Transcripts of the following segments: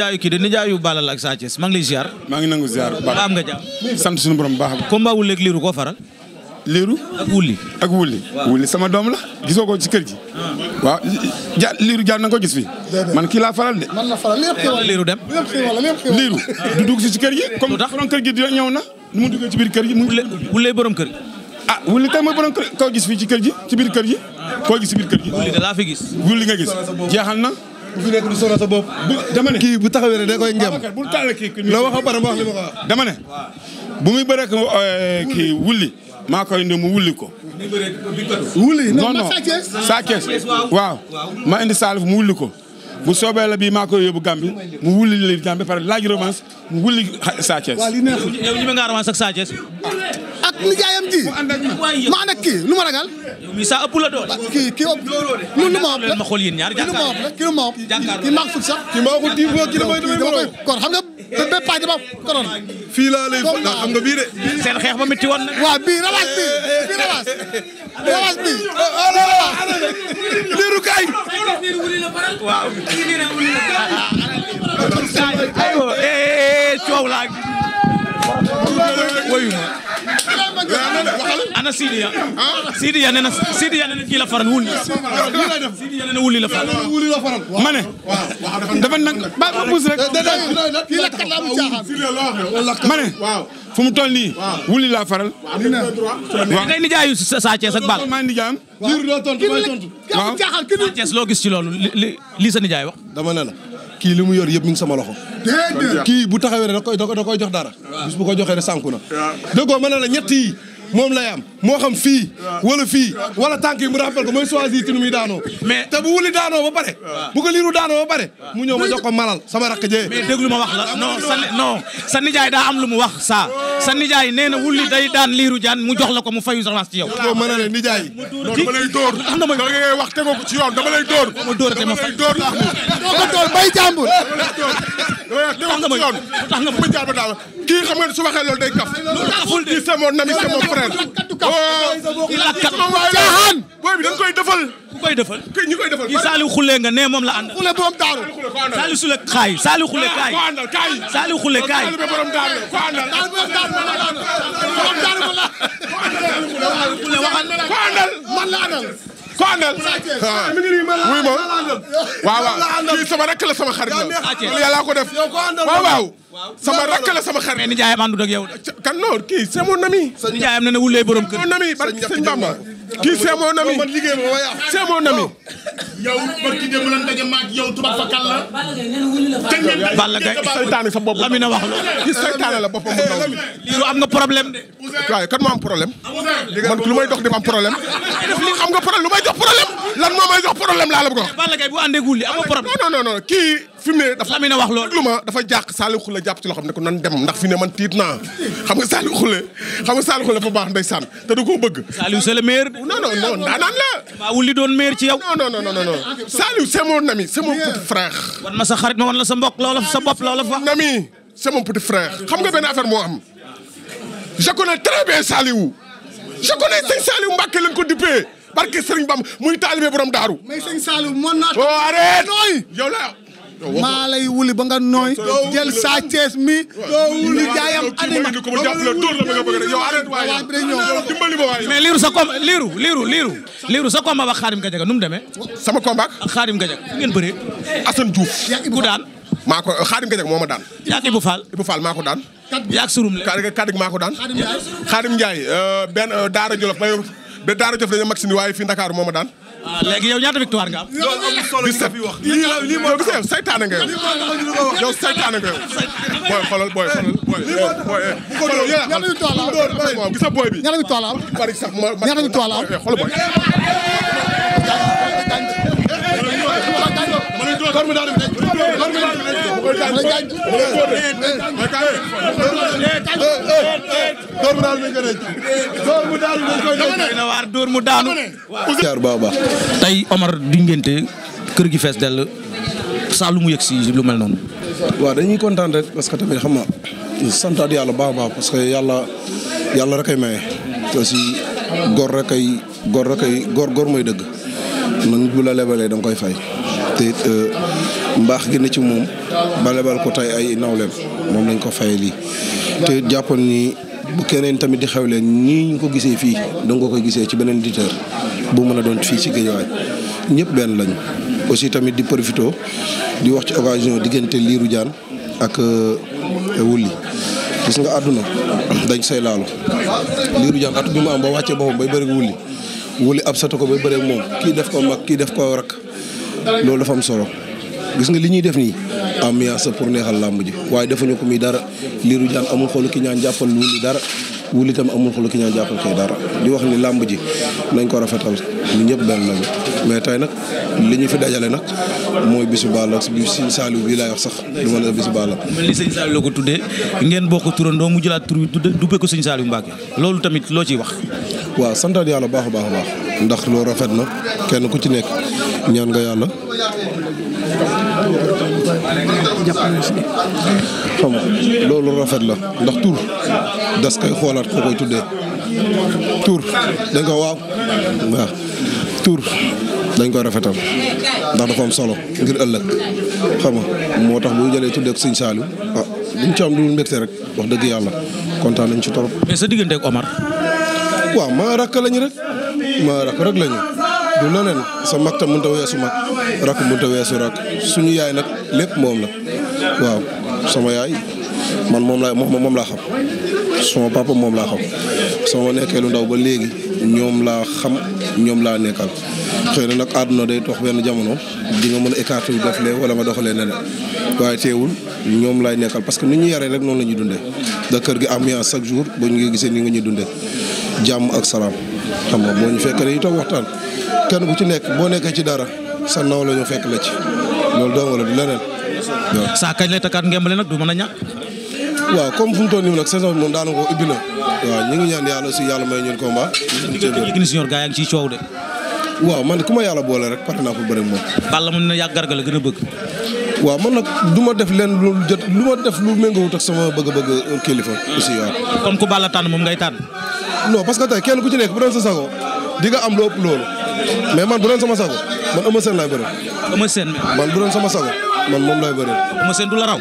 nijaayu kii de nijaayu Balla la ak Sa Thiès maa ngi lay ziar. maa ngi nangu ziar bu baax am nga jàmm. sant suñu borom baax a. combat wulli ak liiru koo faral. liiru ak wulli. ak wulli sama doom la. gisoo ko ci kër gi. Ah. waaw ja liiru jaar na ko gis fi man kii laa faral de. man liiru dem. liiru ah. du dugg si ci kër gi. comme borom kër gi ñëw na nu mu duggee ci biir kër gi. wulli borom kër gi. ah wulli kay mooy borom ko gis fii ci kër gi ci biir kër gi. Ah. koo gis ci biir kër gi. wulli nga gis jeexal na bu fi nekk du sonal sa bopp. bu kii bu taxawee ne da koy ngem. bu tàlle kii loo wax ba pare ma wax li ma bu muy bëreeg eh, kii wulli maa koy ne mu wulli ko. wulli non non waaw ma indi Salif mu wulli ko. bu soobee la bii maa koy yóbbu Gambie mu wulli li Gambie pare laaj revanche mu wulli Sa Thiès. waaw li neexul ak Sa Thiès. ak nijaayam ji ma ànd ak kii lu ma ragal. yow mii saa ëpp la doole. kii kii ëpp lu kon xam a bépp paaj dafa koroon. fii laa lay ndax xam nga bii de. xeex ba métti woon nag. waaw bii rawaas bii bii rawaas. rawaas bii. liiru kaay. waaw. ana Sidiya Sidiya nee na Sidiya nee na kii la faral wulli Sidiya nee na wulli la faral ma ne dafa nag ba ma puus rek kii la kat la mu caaxaan ma ne fu mu toll nii wulli laa faral waaw ngay nijaayu Sa Thiès ak maa nijaayam waaw Sa Thiès loo gis ci loolu li sa nijaay wax dama ne la kii li mu yor yëpp mi ngi sama loxo kii bu taxawee da koy jox dara bis bu ko joxee rek sànku na dëggoo ma ne la yi moom lay am moo xam fii wala fii wala tànk yi mu rappel ko mooy choisir ci nu daanoo mais te bu wuli daanoo ba pare bu ko liiru daanoo ba pare mu ñëw ma jox ko malal sama rakk jee mais déglu ma wax la non sa sa nijaay daa am lu mu wax sa sa nijaay nee na wuli day daan liiru jaan mu jox la ko mu fayu revanche ci yow yow mën na ne nijaay dama lay dóor da ngay wax te ko ci yoon dama lay dóor dama lay dóor sama yoon bu jaar ba daaw kii xam nga su waxee loolu day kaf kii c'est mon ami c'est mon frère oh. caaxaan booy bi dañ koy defal ku koy defal ñu koy defal kii Saliou Khoulé nga ne moom la àndal Khoulé borom daaru Saliou Khoulé kaay Saliou Khoulé kaay Saliou Khoulé kaay borom daaru ko àndal borom ko àndal ah. wuy ma waaw waaw kii sama rakk la sama xarit la yàlla ko def waaw waaw sama rakk la sama xarit. ni nijaayam àndut ak yow de. kan non kii sa nijaayam ne ne wulee borom kër. mon ami barki sëñ Bamba. kii c'est mon ami c'est mon ami. yow barki démb lan daje maak yow tubaab fa kan la. Balla Gaye seytaane sa bopp Lamine wax la. kii seytaane la boppam bu ndaw. Eh, lii am nga problème de. waaye kan moo am problème. man lu may dox di ma am problème. xam nga problème lu may dox problème. lan moo may jox problème laa la bëgg a wax. Balla Gaye bu àndee guul amoo problème. kii fi ne. dafa Lamine wax loolu déglu ma dafa jàq Saliou Khoule jàpp ci loxoom ne ko nan dem ndax fi ne man tiit naa xam nga Saliou Khoule xam nga Saliou Khoule dafa baax ndeysaan te da bëgg. Saliou c'est le maire. non non non ndaanaan la. waa wuli doon maire ci yow. non non non non Saliou c'est mon ami c'est mon petit frère. wan ma sa xarit ma wan la sa mbokk loola sa fa. ami c'est mon petit frère xam nga benn affaire moo am je connais très bien Saliou je connais barke Serigne Bam muy taalibe borom daaru. Oh, maa lay wuli ba nga nooy. jël Sa Thiès mi. doo wuli jaayam anima doo liiru sa komba ak Xaadim Gadiaga nu mu demee. sama komba Xaadim Gadiaga fu ngeen bëree. Assane Diouf ku daan. Xaadim Gadiaga moo ma daan. Xaadim Ndiaye euh, euh, Daara Jolof la ba Daara Jolof dañoo mag si nii waaye fi Ndakaaru moo ma daan. waaw ah, léegi yow ñaata victoire nga am. loolu nga fi wax lii la lii mooy yow saytaane nga yow. yow saytaane nga yow. booy xoolal booy xoolal booy. bu eh. ko doon eh, ñaata la am gis nga booy bi ñaata ñu tool la am. bari sax booy. Eh, dóor mu daanu. tey Omar dingente kër gi fees dell saa lu mu yëg si lu mel noonu. waaw dañuy kontaan rek parce que tamit xam nga santaat yàlla baax baax parce que yàlla yàlla rek ay maye. te aussi gor rek ay gor rek ay gor gor mooy dëgg. nag bu la lebalee da nga koy fay. te it mbaax gi ci moom balebal ko tey ay nawleem moom lañ ko faye lii te it jàppoon ni bu keneen tamit di xewle nii ñu ko gisee fii danga koy gisee ci beneen auditeur bu mën a doon fii ci Guédiawaye ñëpp benn lañu aussi tamit di profité di wax ci occasion diggante Lirou Diane ak euh, Wouly gis nga àdduna dañ say laalu Lirou Diane at bi mu am ba wàccee bay bëri Wouly Wouly ab sata ko bay bëri moom kii def ko mag kii def ko rak loolu dafa am solo gis nga li ñuy def nii ambiance pour neexal làmb ji waaye defuñu ko mii dara liiru jaan amul xolu ki ñaan jàppal wuli dara wuli itam amul xolu ki ñaan jàppal kay dara di wax ni làmb ji nañ ko rafetal ñu ñëpp benn lañu mais tey nag li ñu fi dajale nag mooy bisu Balla bi sëñ Saliou bii laay wax sax du ma ne bisu Balla mel ni sëñ ko tuddee ngeen bokk turandoo mu jëlaat tur bi tudde dubbee ko sëñ Saliou Mbacké loolu tamit loo ciy wax waaw santaat yàlla baax a baax a baax ndax loolu rafet na kenn ku ci nekk ñaan nga yàlla. xam loolu rafet la ndax tur das koy xoolaat ko koy tuddee tur dañ ko waaw tur dañ koy rafetal ndax dafa am solo ngir ëllëg xam moo tax bu ñu jëlee tuddee ak Sëñ Saliou ah bu ñu ci am rek wax dëgg yàlla kontaan nañ ci trop. mais sa diggante ak Omar. waaw maa rakk lañu rek maa rakk rek lañu. du leneen sa mag tam mënut a weesu mag rakk mënut a weesu rakk suñu yaay nag lépp moom la waaw sama yaay man moom laa moom laa xam sama papa moom laa xam sama nekkee lu ndaw ba léegi ñoom laa xam ñoom laa nekkal xëy na nag àdduna day dox benn jamono di nga mën a écarter def lee wala ma doxalee ne waaye teewul ñoom laay nekkal parce que ni ñu yaree rek noonu la ñuy dundee da kër gi ambiance chaque jour ba ñu ngi gisee ni nga ñuy dundee jàmm ak salaam xam nga moo ñu fekk ne itam waxtaan kenn ku ci nekk boo nekkee ci dara sa naw la ñu fekk la ci loolu dong la du leneen. saa kañ lay takkaat ngemb nag du mën a ñàkk. waaw comme fu mu toll nii nag saison bi moom daanaka ko ubbi na waaw ñu ngi ñaan yàlla aussi yàlla may ñun combat. Yékini Junior gaa yaa man ku ma yàlla boole rek pare naa ko bëri moom. Balla mën na yàgg Garga la gën a bëgg. waaw man nag du ma def leen lu jot lu ma def lu méngoowut ak sama bëgg-bëgg kilifa aussi waaw. comme ku Balla tànn moom ngay tànn. non parce que tey kenn ku ci nekk bu doon sa sago di nga am lu ëpp loolu mais man bu doon sama sago man Eumeu Sène laay bëri. Eumeu Sène man bu doon sama sago man moom laay bëri. Eumeu du la raw.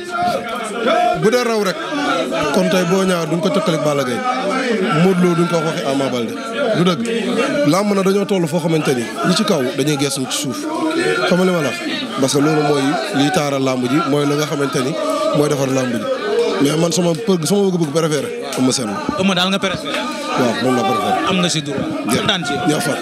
bu dee raw rek kon boo ñaar duñ ko ba ak Balla Gaye Modou du duñ ko waxee Ama Baldé du dëgg làmb na dañoo toll foo xamante ni ñi ci kaw dañuy geesu ci suuf xam nga li ma la parce que loolu mooy liy taaral làmb ji mooy la nga xamante ni mooy defar làmb ji mais man sama për sama bëgg-bëgg préféré Eumeu Sène. Eumeu daal nga préféré. waaw moom la préféré. am nga si droit.